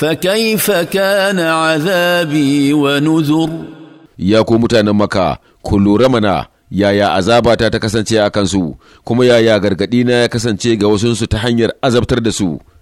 fakai فكيف كان عذابي ونذر ya ko mutanen maka ku lura mana yaya azabata ta kasance a kansu kuma yaya gargaɗina ya kasance ga wasunsu ta hanyar azabtar da su